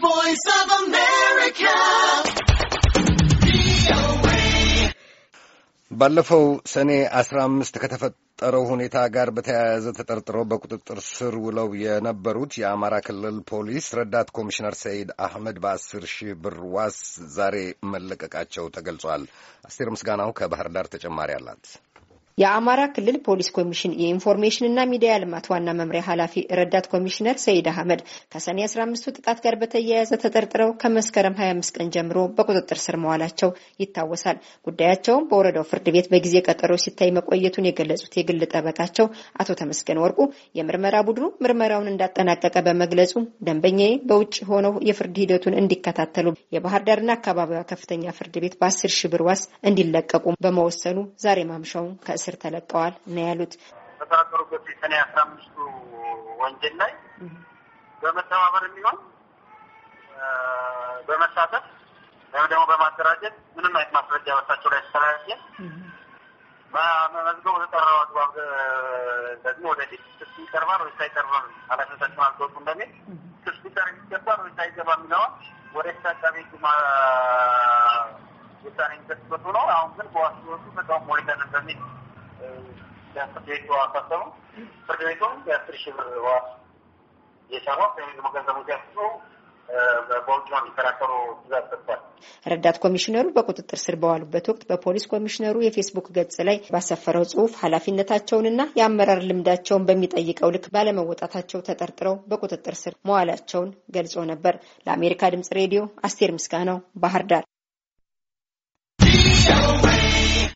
Voice of America. ባለፈው ሰኔ አስራ አምስት ከተፈጠረው ሁኔታ ጋር በተያያዘ ተጠርጥረው በቁጥጥር ስር ውለው የነበሩት የአማራ ክልል ፖሊስ ረዳት ኮሚሽነር ሰይድ አህመድ በአስር ሺህ ብር ዋስ ዛሬ መለቀቃቸው ተገልጿል። አስቴር ምስጋናው ከባህር ዳር ተጨማሪ አላት። የአማራ ክልል ፖሊስ ኮሚሽን የኢንፎርሜሽን እና ሚዲያ ልማት ዋና መምሪያ ኃላፊ ረዳት ኮሚሽነር ሰይድ አህመድ ከሰኔ 15ቱ ጥቃት ጋር በተያያዘ ተጠርጥረው ከመስከረም 25 ቀን ጀምሮ በቁጥጥር ስር መዋላቸው ይታወሳል። ጉዳያቸውም በወረዳው ፍርድ ቤት በጊዜ ቀጠሮ ሲታይ መቆየቱን የገለጹት የግል ጠበቃቸው አቶ ተመስገን ወርቁ የምርመራ ቡድኑ ምርመራውን እንዳጠናቀቀ በመግለጹ ደንበኛዬ በውጭ ሆነው የፍርድ ሂደቱን እንዲከታተሉ የባህር ዳርና አካባቢዋ ከፍተኛ ፍርድ ቤት በ10 ሺህ ብር ዋስ እንዲለቀቁ በመወሰኑ ዛሬ ማምሻውን ከእስር ተለቀዋል ነው ያሉት። በተራከሩበት የሰኔ አስራ አምስቱ ወንጀል ላይ በመተባበር የሚሆን በመሳተፍ ወይም ደግሞ በማደራጀት ምንም አይነት ማስረጃ በሳቸው ላይ ተሰራየ በመዝገቡ ተጠራው አግባብ ደግሞ ወደፊት ክስ ይቀርባል ወይ ሳይቀርባ ኃላፊነታቸውን አልተወጡ እንደሚል ክስ ሊቀርብ ይገባል ወይ ሳይገባ የሚለውን ወደ አቃቤ ሕግ ውሳኔ የሚሰጥበት ነው። አሁን ግን በዋስ ሲወጡ ተቃውሞ ይደረግ እንደሚል ፍርድ ቤቱ አሳሰቡ። ፍርድ ቤቱም የአስር ሺህ ብር ዋስ ደግሞ ገንዘቡ ሲያስሱ ረዳት ኮሚሽነሩ በቁጥጥር ስር በዋሉበት ወቅት በፖሊስ ኮሚሽነሩ የፌስቡክ ገጽ ላይ ባሰፈረው ጽሁፍ ኃላፊነታቸውንና የአመራር ልምዳቸውን በሚጠይቀው ልክ ባለመወጣታቸው ተጠርጥረው በቁጥጥር ስር መዋላቸውን ገልጾ ነበር። ለአሜሪካ ድምጽ ሬዲዮ አስቴር ምስጋናው ባህር ዳር